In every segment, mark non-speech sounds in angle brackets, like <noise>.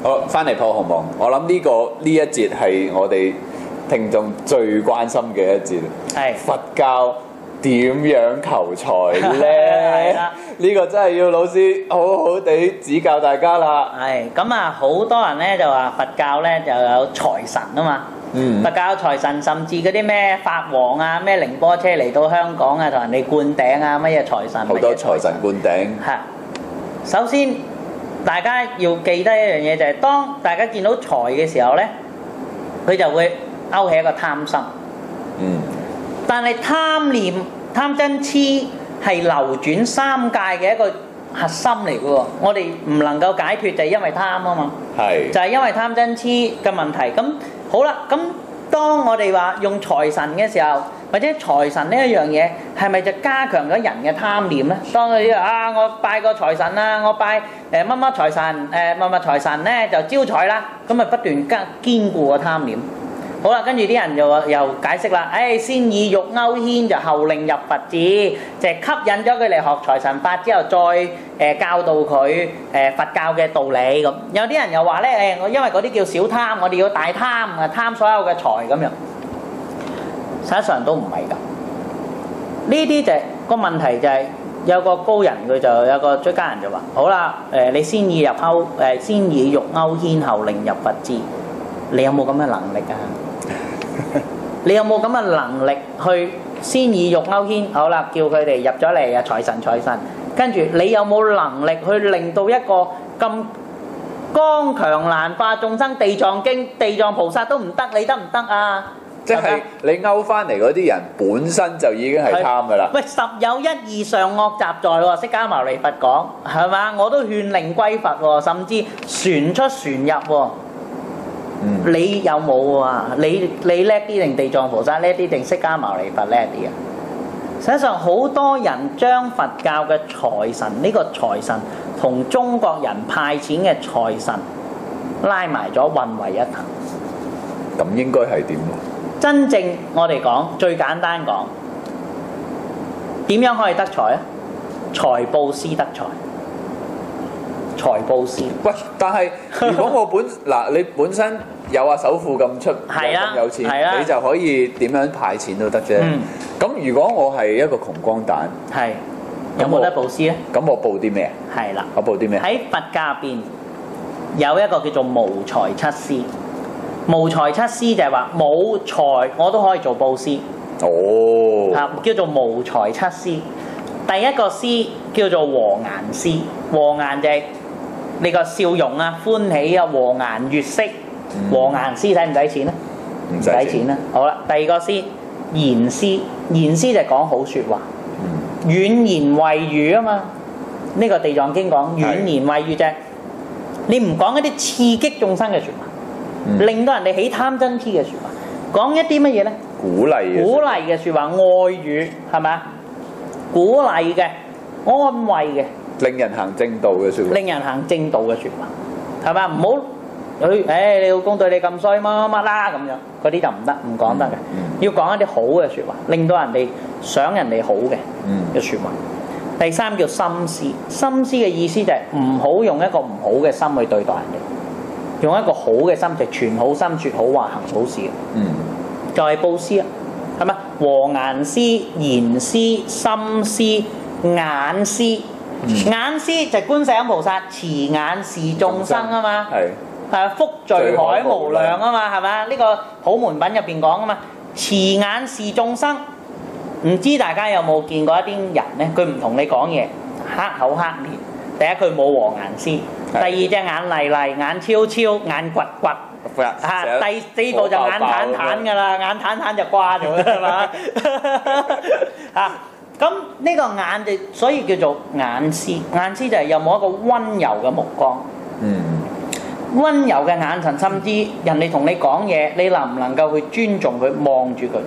好，翻嚟破鴻蒙，我諗呢、呢個呢一節係我哋聽眾最關心嘅一節。係是佛教點樣求財咧？呢 <laughs> 個真係要老師好好地指教大家啦。係咁啊，好多人咧就話佛教咧就有財神啊嘛。嗯嗯，佛教財神，甚至嗰啲咩法王啊、咩寧波車嚟到香港啊，同人哋灌頂啊，乜嘢財神，好多財神灌頂。嚇， <laughs> <laughs> 首先。大家要記得一樣嘢，就係當大家見到財嘅時候呢，佢就會勾起一個貪心。嗯。但係貪念、貪嗔痴係流轉三界嘅一個核心嚟嘅喎，我哋唔能夠解決就係因為貪啊嘛。係。就係因為貪嗔痴嘅問題。咁好啦，咁當我哋話用財神嘅時候，或者財神呢一樣嘢，係咪就加強咗人嘅貪念咧？當佢、就是、啊，我拜個財神啦、啊，我拜誒乜乜財神、誒乜乜財神咧，就招財啦。咁啊，不斷加堅固個貪念。好啦，跟住啲人又又解釋啦。誒、哎，先以欲勾牽，就後令入佛智，就係吸引咗佢嚟學財神法之後，再誒教導佢誒佛教嘅道理咁。有啲人又話咧，誒、哎，我因為嗰啲叫小貪，我哋要大貪啊，貪所有嘅財咁樣。實際上都唔係㗎，呢啲就個問題就係有個高人佢就有個出家人就話：好啦，誒你先以欲勾，誒先以欲勾牽後令入佛智，你有冇咁嘅能力啊？你有冇咁嘅能力去先以欲勾牽？好啦，叫佢哋入咗嚟啊！財神財神，跟住你有冇能力去令到一個咁剛強難化眾生，地藏經，地藏菩薩都唔得，你得唔得啊？即係你勾翻嚟嗰啲人，本身就已經係貪噶啦。喂，十有一二上惡雜在喎，釋迦牟尼佛講係嘛？我都勸令歸佛喎，甚至船出船入喎。你有冇啊？你你叻啲定地藏菩薩叻啲定釋迦牟尼佛叻啲啊？實際上，好多人將佛教嘅財神呢個財神同中國人派錢嘅財神拉埋咗混為一談。咁應該係點？真正我哋講，最簡單講，點樣可以得財啊？財布施得財，財布施。喂，但係如果我本嗱 <laughs> 你本身有啊首富咁出，係啊，有錢，你就可以點樣派錢都得啫。咁、嗯、如果我係一個窮光蛋，係的我有冇得布施咧？咁我報啲咩？係啦的，我報啲咩？喺佛家邊有一個叫做無財七施。無財七施就係話冇財我都可以做布施哦，吓、oh. 叫做無財七施。第一個施叫做和顏施，和顏就係、你個笑容啊、歡喜啊、和顏悅色。Mm. 和顏施使唔使錢啊？唔使錢啦。好啦，第二個施，言施，言施就係講好說話，軟言慰語啊嘛。呢、這個地藏經講軟言慰語啫，就是、嗎你唔講一啲刺激眾生嘅說話。令到人哋起貪嗔痴嘅説話，講一啲乜嘢咧？鼓勵、鼓勵嘅説話，愛語係咪啊？鼓勵嘅、安慰嘅，令人行正道嘅説話。令人行正道嘅説話，係咪啊？唔好佢，誒你老公對你咁衰，乜乜乜啦咁樣，嗰啲就唔得，唔講得嘅。嗯嗯、要講一啲好嘅説話，令到人哋想人哋好嘅嘅説話。第三叫心施，心施嘅意思就係唔好用一個唔好嘅心去對待人哋。用一個好嘅心，就係存好心、説好話、行好事。嗯，就係佈施啊，係咪？和顏施、言施、心施、眼施。嗯、眼施就觀世音菩薩慈眼視眾生啊嘛。係。係福聚海無量啊嘛，係嘛？呢、這個普門品入邊講啊嘛。慈眼視眾生，唔知大家有冇見過一啲人咧？佢唔同你講嘢，黑口黑面。第一，佢冇和顏施。第二隻眼麗麗，眼超超，眼掘掘，吓 <laughs> 第四步就眼坦坦噶啦， <laughs> 眼坦坦就掛咗啦，吓。咁呢個眼就所以叫做眼施，眼施就係有冇一個溫柔嘅目光，嗯，溫柔嘅眼神，甚至人哋同你講嘢，你能唔能夠去尊重佢望住佢？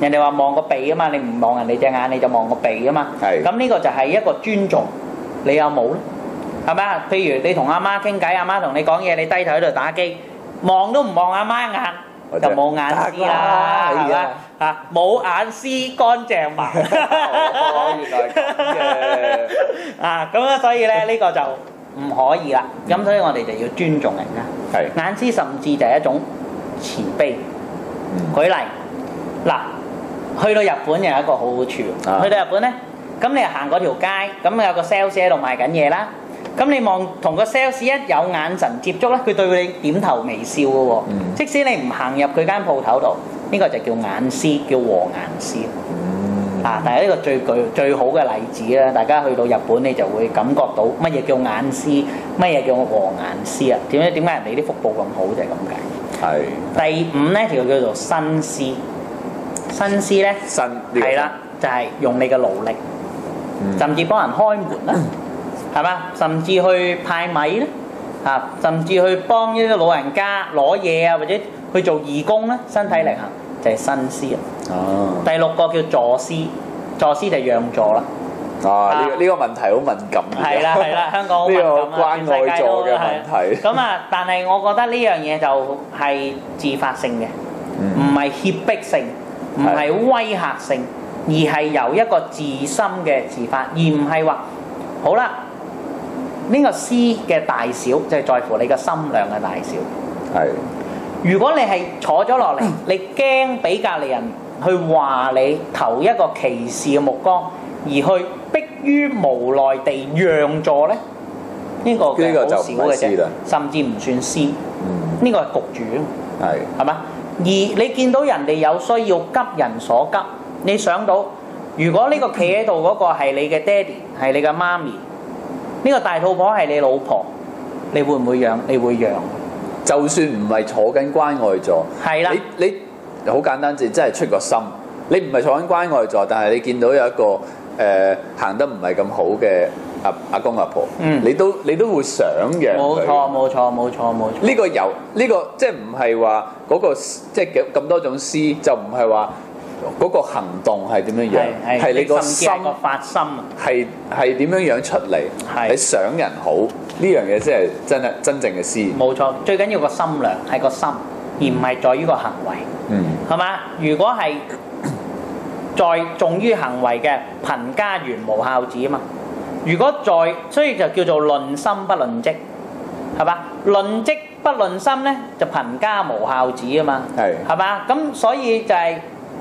人哋話望個鼻啊嘛，你唔望人哋隻眼，你就望個鼻啊嘛，係是，咁呢個就係一個尊重，你有冇咧？係嘛？譬如你同阿媽傾偈，阿媽同你講嘢，你低頭喺度打機，望都唔望阿媽一眼，就冇眼施啦嚇，冇眼屎乾淨嘛。哦，原來嘅啊，咁啊，所以咧呢個就唔可以啦。咁所以我哋就要尊重人啦。係眼施甚至就係一種慈悲。嗯。舉例嗱，去到日本又係一個好好處喎。啊。去到日本咧，咁你行嗰條街，咁有個 sales 喺度賣緊嘢啦。咁你望同個 sales 一有眼神接觸咧，佢對你點頭微笑嘅喎，哦。嗯、即使你唔行入佢間鋪頭度，呢、這個就叫眼施，叫和顏施。嗯、啊，但係呢個最具最好嘅例子啦，大家去到日本你就會感覺到乜嘢叫眼施，乜嘢叫和顏施啊？點解點解人哋啲服務咁好就係咁解？係是。第五咧就叫做身施，身施咧，係啦、這個，就係、是、用你嘅勞力，嗯、甚至幫人開門啦。嗯係嘛？甚至去派米咧，啊，甚至去幫一啲老人家攞嘢啊，或者去做義工咧，身體力行就係身施啦。哦。第六個叫座施，座施就係讓座啦。啊！呢個問題好敏感。係啦係啦，香港好敏感啊，呢個關愛座嘅問題，全世界都係。咁啊，但係我覺得呢樣嘢就係自發性嘅，唔係脅迫性，唔係威嚇性，而係由一個自心嘅自發，而唔係話好啦。呢個施嘅大小，就係在乎你嘅心量嘅大小。係。如果你係坐咗落嚟，你驚俾隔離人去話你投一個歧視嘅目光，而去逼於無奈地讓座呢？呢個就少嘅施，甚至唔算施。嗯。呢個係局住，係。係嘛？而你見到人哋有需要急人所急，你想到如果呢個企喺度嗰個係你嘅爹哋，係你嘅媽咪。呢個大肚婆係你老婆，你會唔會養？你會養？就算唔係坐緊關愛座，係啦的，你你好簡單啫，真係出個心。你唔係坐緊關愛座，但係你見到有一個誒、呃、行得唔係咁好嘅阿阿公阿婆，嗯、你都你都會想養錯。冇錯冇錯冇錯冇錯。呢個由呢、呢個即係唔係話嗰個即係咁多種施，就唔係話。嗰個行動係點樣樣？係你個心個發心，係係點樣樣出嚟？你想人好呢樣嘢，先係真係真正嘅施。冇錯，最緊要個心量係個心，而唔係在於個行為。嗯，係嘛？如果係在重於行為嘅，貧家原無孝子啊嘛。如果在，所以就叫做論心不論跡，係嘛？論跡不論心咧，就貧家無孝子啊嘛。係係嘛？咁所以就係。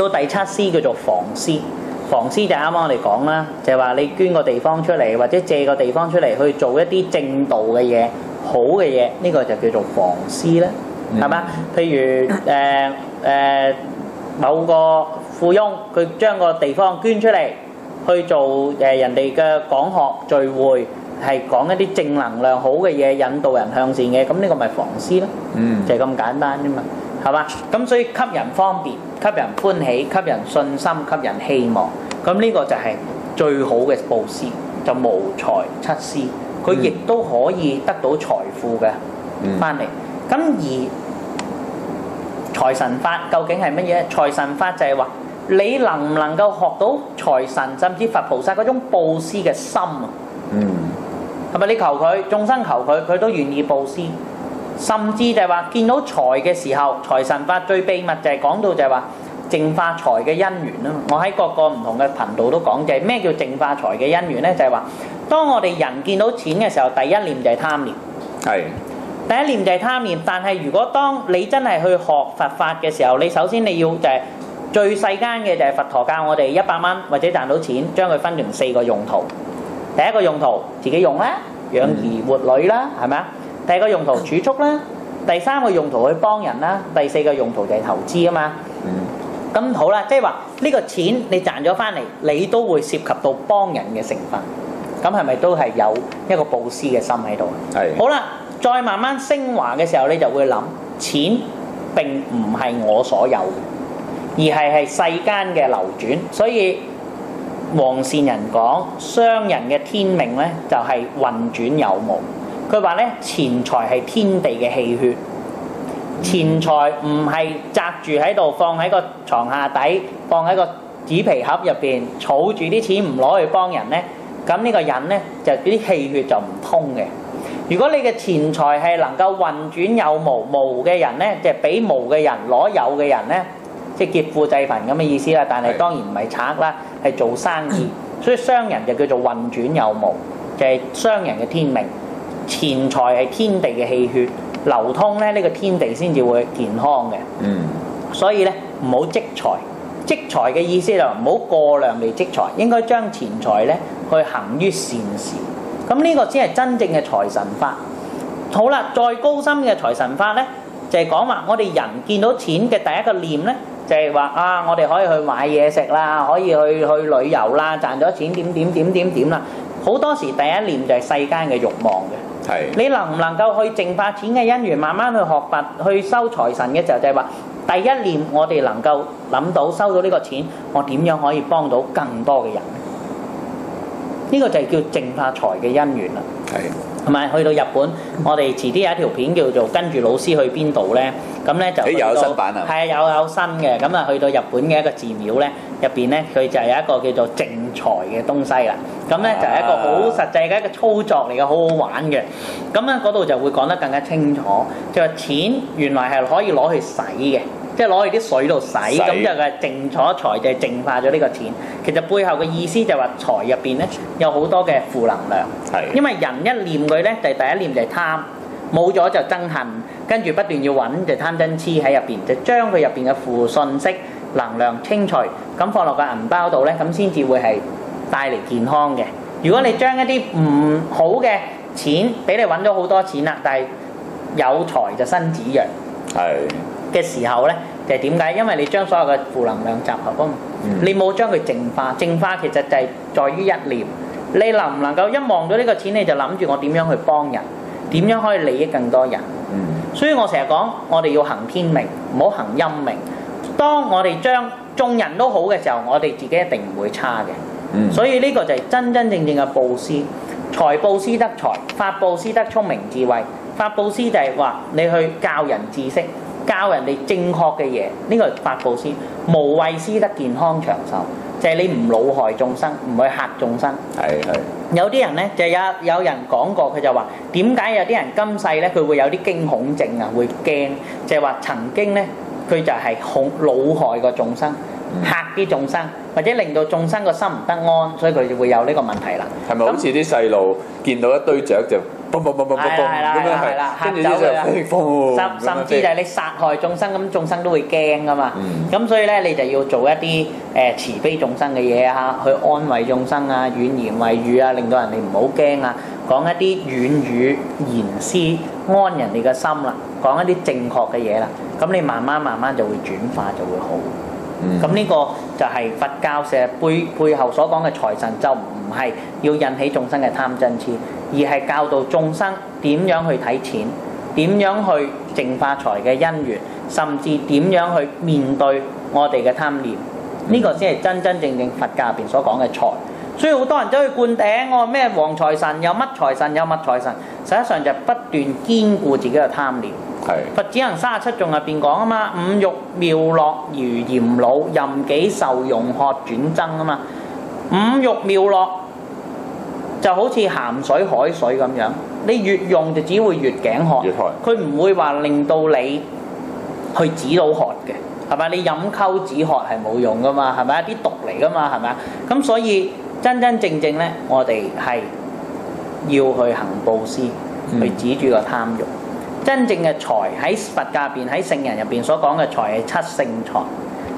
到第七施叫做房施，房施就啱啱我哋講啦，就係、是、話你捐個地方出嚟，或者借個地方出嚟去做一啲正道嘅嘢、好嘅嘢，呢、這個就叫做房施啦，係嘛、mm hmm.？譬如誒誒、呃呃、某個富翁佢將個地方捐出嚟去做誒、呃、人哋嘅講學聚會，係講一啲正能量好嘅嘢，引導人向善嘅，咁、這、呢個咪房施咯，mm hmm. 就咁簡單啫嘛。係嘛？咁所以給人方便、給人歡喜、給人信心、給人希望，咁呢個就係最好嘅布施，就無財七施，佢亦都可以得到財富嘅返嚟。咁、嗯、而財神法究竟係乜嘢？財神法就係話，你能唔能夠學到財神，甚至佛菩薩嗰種布施嘅心啊？嗯，係咪你求佢，眾生求佢，佢都願意布施？甚至就係話見到財嘅時候，財神法最秘密就係講到就係話淨化財嘅因緣啦。我喺各個唔同嘅頻道都講，就係咩叫淨化財嘅因緣呢？就係話當我哋人見到錢嘅時候，第一念就係貪念。係。第一念就係貪念，但係如果當你真係去學佛法嘅時候，你首先你要就係最世間嘅就係佛陀教我哋一百蚊或者賺到錢，將佢分成四個用途。第一個用途自己用啦，養兒活女啦，係咪啊？第二個用途儲蓄啦，第三個用途去幫人啦，第四個用途就係投資啊嘛。咁、嗯、好啦，即係話呢個錢你賺咗翻嚟，你都會涉及到幫人嘅成分，咁係咪都係有一個布施嘅心喺度？係。是好啦，再慢慢升華嘅時候，你就會諗錢並唔係我所有，而係係世間嘅流轉，所以王善人講商人嘅天命呢，就係、是、運轉有無。佢話咧：錢財係天地嘅氣血，錢財唔係擲住喺度，放喺個床下底，放喺個紙皮盒入邊，儲住啲錢唔攞去幫人咧。咁呢個人咧就啲氣血就唔通嘅。如果你嘅錢財係能夠運轉有無無嘅人咧，就係俾無嘅人攞有嘅人咧，即係劫富濟貧咁嘅意思啦。但係當然唔係賊啦，係做生意。所以商人就叫做運轉有無，就係商人嘅天命。錢財係天地嘅氣血流通咧，呢個天地先至會健康嘅。嗯，所以咧唔好積財，積財嘅意思就唔好過量地積財，應該將錢財咧去行於善事。咁呢個先係真正嘅財神法。好啦，再高深嘅財神法咧，就係講話我哋人見到錢嘅第一個念咧，就係話啊，我哋可以去買嘢食啦，可以去去旅遊啦，賺咗錢點點點點點啦。好多時第一念就係世間嘅欲望嘅。你能唔能夠去淨化錢嘅因緣，慢慢去學佛，去收財神嘅時候，就係話第一念我哋能夠諗到收到呢個錢，我點樣可以幫到更多嘅人？呢個就係叫淨化財嘅因緣啦。係，同埋去到日本，我哋遲啲有一條片叫做《跟住老師去邊度》咧，咁咧就有新版啊，係啊、欸，有有新嘅，咁啊去到日本嘅一個寺廟咧，入邊咧佢就有一個叫做淨財嘅東西啦，咁咧就係一個好實際嘅一個操作嚟嘅，好好玩嘅，咁咧嗰度就會講得更加清楚，就話、是、錢原來係可以攞去洗嘅，即係攞去啲水度洗，咁洗就係淨咗財就淨、是、淨化咗呢個錢。其實背後嘅意思就話，財入邊咧有好多嘅負能量，係，是的 因為人一念佢咧就第一念就係貪，冇咗就憎恨，跟住不斷要揾，就貪嗔痴喺入邊，就將佢入邊嘅負信息能量清除，咁放落個銀包度咧，咁先至會係帶嚟健康嘅。如果你將一啲唔好嘅錢俾你揾咗好多錢啦，但係有財就身子弱，係嘅是的 時候咧。就點解？因為你將所有嘅負能量集合啊嘛，嗯、你冇將佢淨化。淨化其實就係在於一念。你能唔能夠一望到呢個錢，你就諗住我點樣去幫人，點樣可以利益更多人？嗯、所以我成日講，我哋要行天命，唔好行陰命。當我哋將眾人都好嘅時候，我哋自己一定唔會差嘅。嗯、所以呢個就係真真正正嘅布施。財布施得財，法布施得聰明智慧。法布施就係話你去教人知識。教人哋正確嘅嘢，呢個法布施。無畏施得健康長壽，就係你唔惱害眾生，唔去嚇眾生。係係。有啲人呢，就有有人講過，佢就話點解有啲人今世呢，佢會有啲驚恐症啊，會驚，就係話曾經呢，佢就係恐惱害個眾生，嚇啲眾生，或者令到眾生個心唔得安，所以佢就會有呢個問題啦。係咪好似啲細路見到一堆雀就？係啦，係啦，係走跟住咧就甚至就你殺害眾生，咁眾生都會驚噶嘛。咁、嗯、所以咧，你就要做一啲誒慈悲眾生嘅嘢啊，去安慰眾生啊，軟言慰語啊，令到人哋唔好驚啊，講一啲軟語言師安人哋嘅心啦，講一啲正確嘅嘢啦，咁你慢慢慢慢就會轉化就會好。咁呢、嗯、個就係佛教成背背後所講嘅財神，就唔係要引起眾生嘅貪嗔痴。而係教導眾生點樣去睇錢，點樣去淨化財嘅因緣，甚至點樣去面對我哋嘅貪念，呢、這個先係真真正正佛教入邊所講嘅財。所以好多人走去灌頂，啊，我咩黃財神有乜財神有乜財、財神，實質上就不斷堅固自己嘅貪念。係的佛子行三十七頌入邊講啊嘛，五欲妙樂如鹽鹵，任己受用，渴轉增啊嘛，五欲妙樂。就好似鹹水、海水咁樣，你越用就只會越頸渴，佢唔害會話令到你去止到渴嘅，係咪？你飲鴆止渴係冇用噶嘛，係咪？啲毒嚟噶嘛，係咪？咁所以真真正正咧，我哋係要去行布施，去止住個貪欲。嗯、真正嘅財喺佛教入邊、喺聖人入邊所講嘅財係七聖財，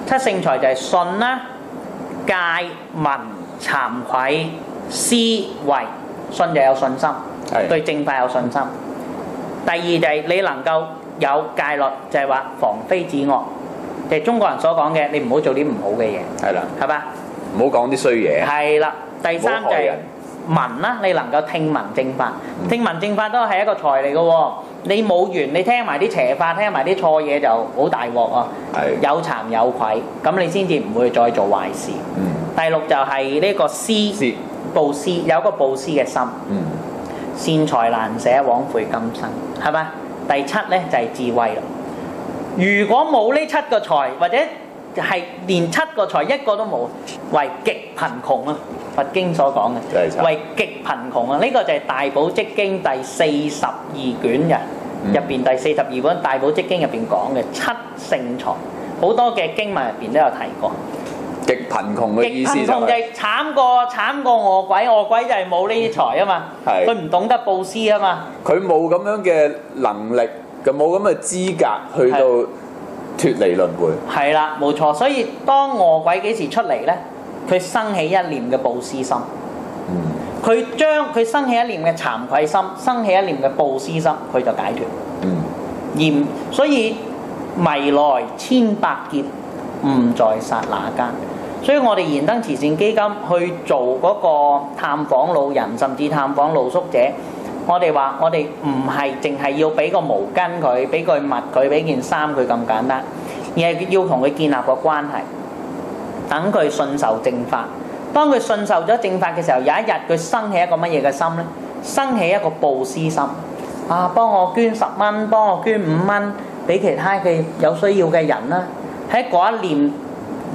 七聖財就係信啦、啊、戒、聞、慚愧。思維。信就有信心，對正法有信心。第二就係你能夠有戒律，就係話防非止惡。就係中國人所講嘅，你唔好做啲唔好嘅嘢。係啦，係嘛？唔好講啲衰嘢。係啦，第三就係聞啦，你能夠聽聞正法。聽聞正法都係一個財嚟嘅喎。你冇完，你聽埋啲邪法，聽埋啲錯嘢就好大鑊啊！係有慚有愧，咁你先至唔會再做壞事。嗯。第六就係呢個思。布施有一個布施嘅心，嗯、善財難捨，枉費今生，係嘛？第七咧就係、是、智慧咯。如果冇呢七個財，或者係連七個財一個都冇，為極貧窮啊！佛經所講嘅是為極貧窮啊！呢、這個就係、嗯《大寶積經》第四十二卷嘅入邊第四十二本《大寶積經》入邊講嘅七聖財，好多嘅經文入邊都有提過。極貧窮嘅意思，極貧窮就慘過慘過餓鬼，餓鬼就係冇呢啲財啊嘛，佢唔、嗯、懂得布施啊嘛，佢冇咁樣嘅能力，就冇咁嘅資格去到脫離輪迴。係啦，冇錯。所以當餓鬼幾時出嚟咧？佢生起一念嘅布施心，佢將佢生起一念嘅慚愧心，生起一念嘅布施心，佢就解脫。嗯、而所以迷來千百劫。唔再剎那間，所以我哋燃燈慈善基金去做嗰個探訪老人，甚至探訪露宿者。我哋話：我哋唔係淨係要俾個毛巾佢，俾個襪佢，俾件衫佢咁簡單，而係要同佢建立個關係，等佢信受正法。當佢信受咗正法嘅時候，有一日佢生起一個乜嘢嘅心呢？生起一個布施心啊！幫我捐十蚊，幫我捐五蚊，俾其他嘅有需要嘅人啦、啊。喺嗰一念，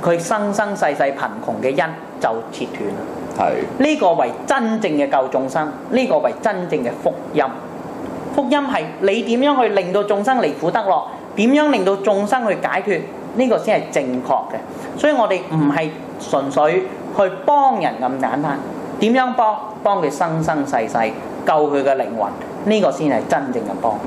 佢生生世世貧窮嘅因就切斷啦。係呢個為真正嘅救眾生，呢個為真正嘅福音。福音係你點樣去令到眾生離苦得樂？點樣令到眾生去解決？呢個先係正確嘅。所以我哋唔係純粹去幫人咁簡單。點樣幫？幫佢生生世世救佢嘅靈魂？呢個先係真正嘅幫。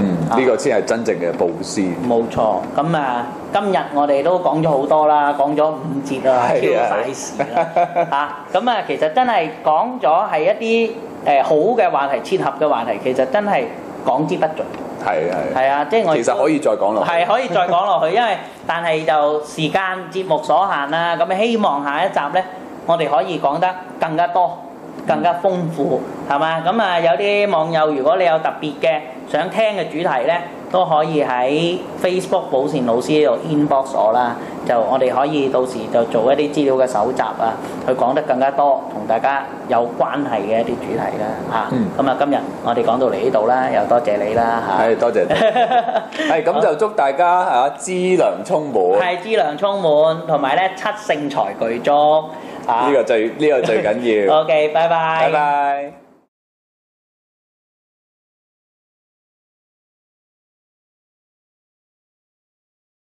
嗯，呢、這個先係真正嘅佈施。冇錯，咁 <noise> 啊，今日我哋都講咗好多啦，講咗五節啊，的超快時咁啊，其實真係講咗係一啲誒好嘅話題，切合嘅話題，其實真係講之不盡。係係的。係啊，即係我其實可以再講落去。係可以再講落去，因為但係就時間節目所限啦。咁希望下一集呢，我哋可以講得更加多、更加豐富，係嘛、嗯？咁啊，有啲網友，如果你有特別嘅， <laughs> 想聽嘅主題咧，都可以喺 Facebook 寶善老師呢度 inbox 我啦。就我哋可以到時就做一啲資料嘅蒐集啊，去講得更加多同大家有關係嘅一啲主題啦。嚇，咁啊，今日我哋講到嚟呢度啦，又多謝你啦，嚇。係，多謝。係咁就祝大家嚇資糧充滿。係，資糧充滿，同埋咧七聖財俱足。啊，呢個最，呢個最緊要。O.K.，拜拜。拜拜。